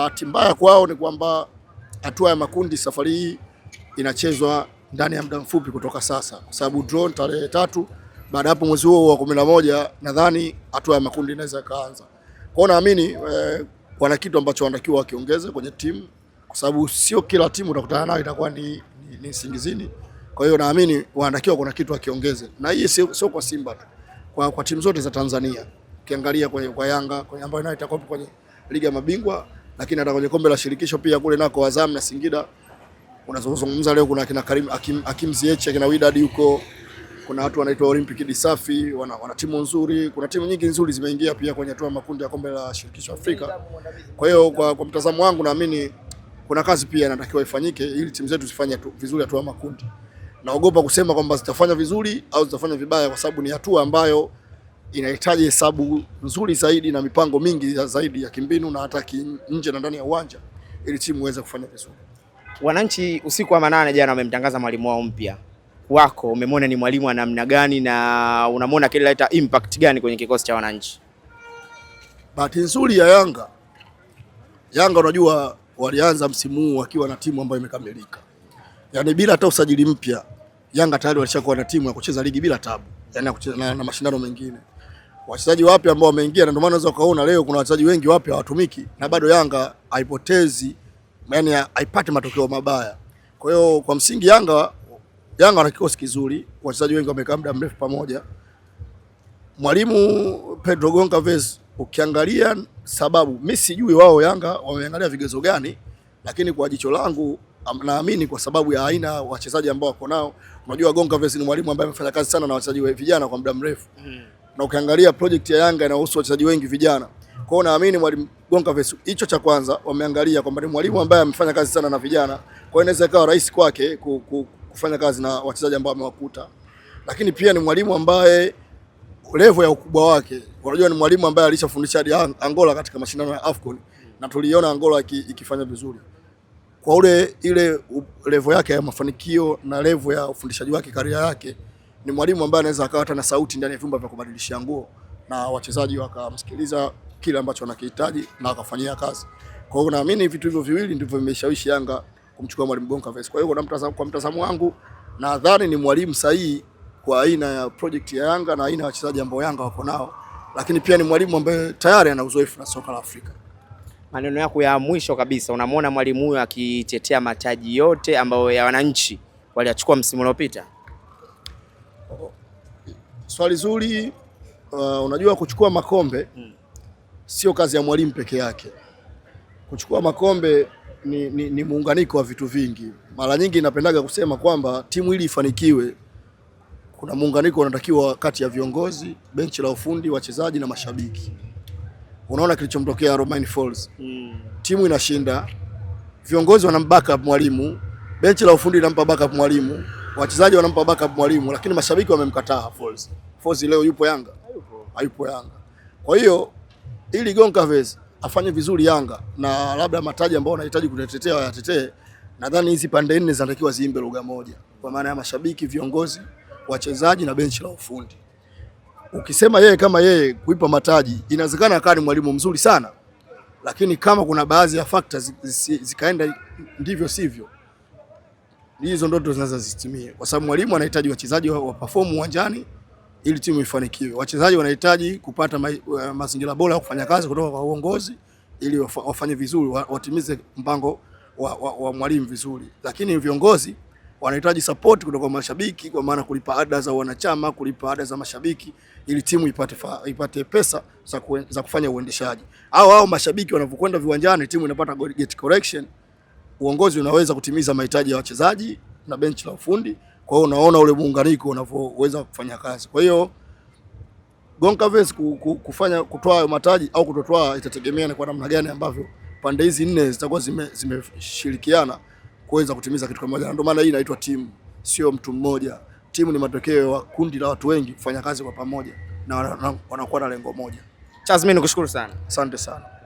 Bahati mbaya kwao ni kwamba hatua ya makundi safari hii inachezwa ndani ya muda mfupi kutoka sasa, kwa sababu draw tarehe tatu. Baada hapo mwezi huo wa kumi na moja nadhani hatua ya makundi inaweza kaanza kwao. Naamini eh, wana kitu ambacho wanatakiwa wakiongeze kwenye timu, kwa sababu sio kila timu utakutana nayo itakuwa ni, ni, ni singizini. Kwa hiyo naamini wanatakiwa kuna kitu wakiongeze, na hii sio, sio kwa Simba tu, kwa, kwa timu zote za Tanzania ukiangalia kwa Yanga ambayo nayo itakuwa kwenye ligi ya mabingwa lakini hata kwenye kombe la shirikisho pia kule nako Azam na Singida unazozungumza leo, kuna kina Karim Akim, Akim Ziyech kina Widad yuko, kuna watu wanaitwa Olympic di Safi wana, wana timu nzuri, kuna timu nyingi nzuri zimeingia pia kwenye hatua makundi ya kombe la shirikisho Afrika. Kwa hiyo kwa, kwa mtazamo wangu naamini kuna kazi pia inatakiwa ifanyike ili timu zetu zifanye vizuri hatua makundi. Naogopa kusema kwamba zitafanya vizuri au zitafanya vibaya, kwa sababu ni hatua ambayo inahitaji hesabu nzuri zaidi na mipango mingi ya zaidi ya kimbinu na hata nje na ndani ya uwanja ili timu iweze kufanya vizuri. Wananchi usiku wa manane jana wamemtangaza mwalimu wao mpya wako, umemwona ni mwalimu wa namna gani na unamwona kileta impact gani kwenye kikosi cha wananchi? Bahati nzuri ya Yanga, Yanga unajua walianza msimu huu wakiwa na timu ambayo imekamilika, yaani bila hata usajili mpya Yanga tayari walishakuwa na timu ya kucheza ligi bila tabu, yani kucheza na, na mashindano mengine wachezaji wapya ambao wameingia, na ndio maana unaweza ukaona leo kuna wachezaji wengi wapya hawatumiki na bado Yanga haipotezi, yani haipati matokeo mabaya. Kwa hiyo kwa msingi Yanga Yanga ana kikosi kizuri, wachezaji wengi wamekaa muda mrefu pamoja. Mwalimu Pedro Goncalves, ukiangalia sababu, mi sijui wao Yanga wameangalia vigezo gani, lakini kwa jicho langu naamini kwa sababu ya aina wachezaji ambao wako nao. Unajua Goncalves ni mwalimu ambaye amefanya kazi sana na wachezaji vijana kwa muda mrefu mm na ukiangalia project ya Yanga inahusu wachezaji wengi vijana. Kwa hiyo naamini mwalimu Gonka Vesu hicho cha kwanza wameangalia kwamba ni mwalimu ambaye amefanya kazi sana na vijana, kwa hiyo inaweza ikawa rahisi kwake kufanya kazi na wachezaji ambao amewakuta, lakini pia ni mwalimu ambaye level ya ukubwa wake, unajua ni mwalimu ambaye alishafundisha hadi Angola katika mashindano ya AFCON na tuliona Angola ikifanya vizuri kwa ule ile level yake ya mafanikio na level ya ufundishaji wake, karia yake ni mwalimu ambaye anaweza akawa hata na sauti ndani ya vyumba vya kubadilishia nguo na wachezaji wakamsikiliza kile ambacho anakihitaji na wakafanyia kazi. Kwa hiyo naamini vitu hivyo viwili ndivyo vimeshawishi Yanga kumchukua mwalimu Goncalves. Kwa hiyo kwa mtazamo kwa mtazamo wangu nadhani ni mwalimu sahihi kwa aina ya project ya Yanga na aina ya wachezaji ambao Yanga wako nao, lakini pia ni mwalimu ambaye tayari ana uzoefu na soka la Afrika. Maneno yako ya mwisho kabisa, unamwona mwalimu huyo akitetea mataji yote ambayo ya wananchi waliachukua msimu uliopita? swali zuri. Uh, unajua kuchukua makombe mm. sio kazi ya mwalimu peke yake. Kuchukua makombe ni, ni, ni muunganiko wa vitu vingi. Mara nyingi napendaga kusema kwamba timu ili ifanikiwe, kuna muunganiko unatakiwa kati ya viongozi, benchi la ufundi, wachezaji na mashabiki. Unaona kilichomtokea Romain Folz mm. Timu inashinda, viongozi wanambackup mwalimu, benchi la ufundi linampa backup mwalimu wachezaji wanampa backup mwalimu, lakini mashabiki wamemkataa Folz. Folz leo yupo Yanga? Hayupo. Hayupo Yanga. Kwa hiyo ili Goncalves afanye vizuri Yanga na labda mataji ambayo wanahitaji kutetea wayatetee, nadhani hizi pande nne zinatakiwa ziimbe lugha moja, kwa maana ya mashabiki, viongozi, wachezaji na benchi la ufundi. Ukisema yeye kama yeye kuipa mataji, inawezekana akawa ni mwalimu mzuri sana, lakini kama kuna baadhi ya factors zikaenda ndivyo sivyo hizo ndoto zinaanza zitimie, kwa sababu mwalimu anahitaji wachezaji wa perform uwanjani ili timu ifanikiwe. Wachezaji wanahitaji kupata ma, uh, mazingira bora ya kufanya kazi kutoka kwa uongozi ili wafanye vizuri, watimize mpango wa, wa, wa mwalimu vizuri, lakini viongozi wanahitaji support kutoka kwa mashabiki, kwa maana kulipa ada za wanachama, kulipa ada za mashabiki ili timu ipate, fa, ipate pesa za, za kufanya uendeshaji. Au hao mashabiki wanapokwenda viwanjani, timu inapata get correction uongozi unaweza kutimiza mahitaji ya wachezaji na benchi la ufundi. Kwa hiyo unaona ule muunganiko unavyoweza kufanya kazi. Kwa hiyo Goncalves kufanya kutoa mataji au kutotoa itategemea ni kwa namna gani ambavyo pande hizi nne zitakuwa zimeshirikiana zime kuweza kutimiza kitu kimoja, na ndio maana hii inaitwa timu, sio mtu mmoja. Timu ni matokeo ya kundi la watu wengi kufanya kazi kwa pamoja na wanakuwa na lengo moja. Chazmin, nikushukuru sana, asante sana.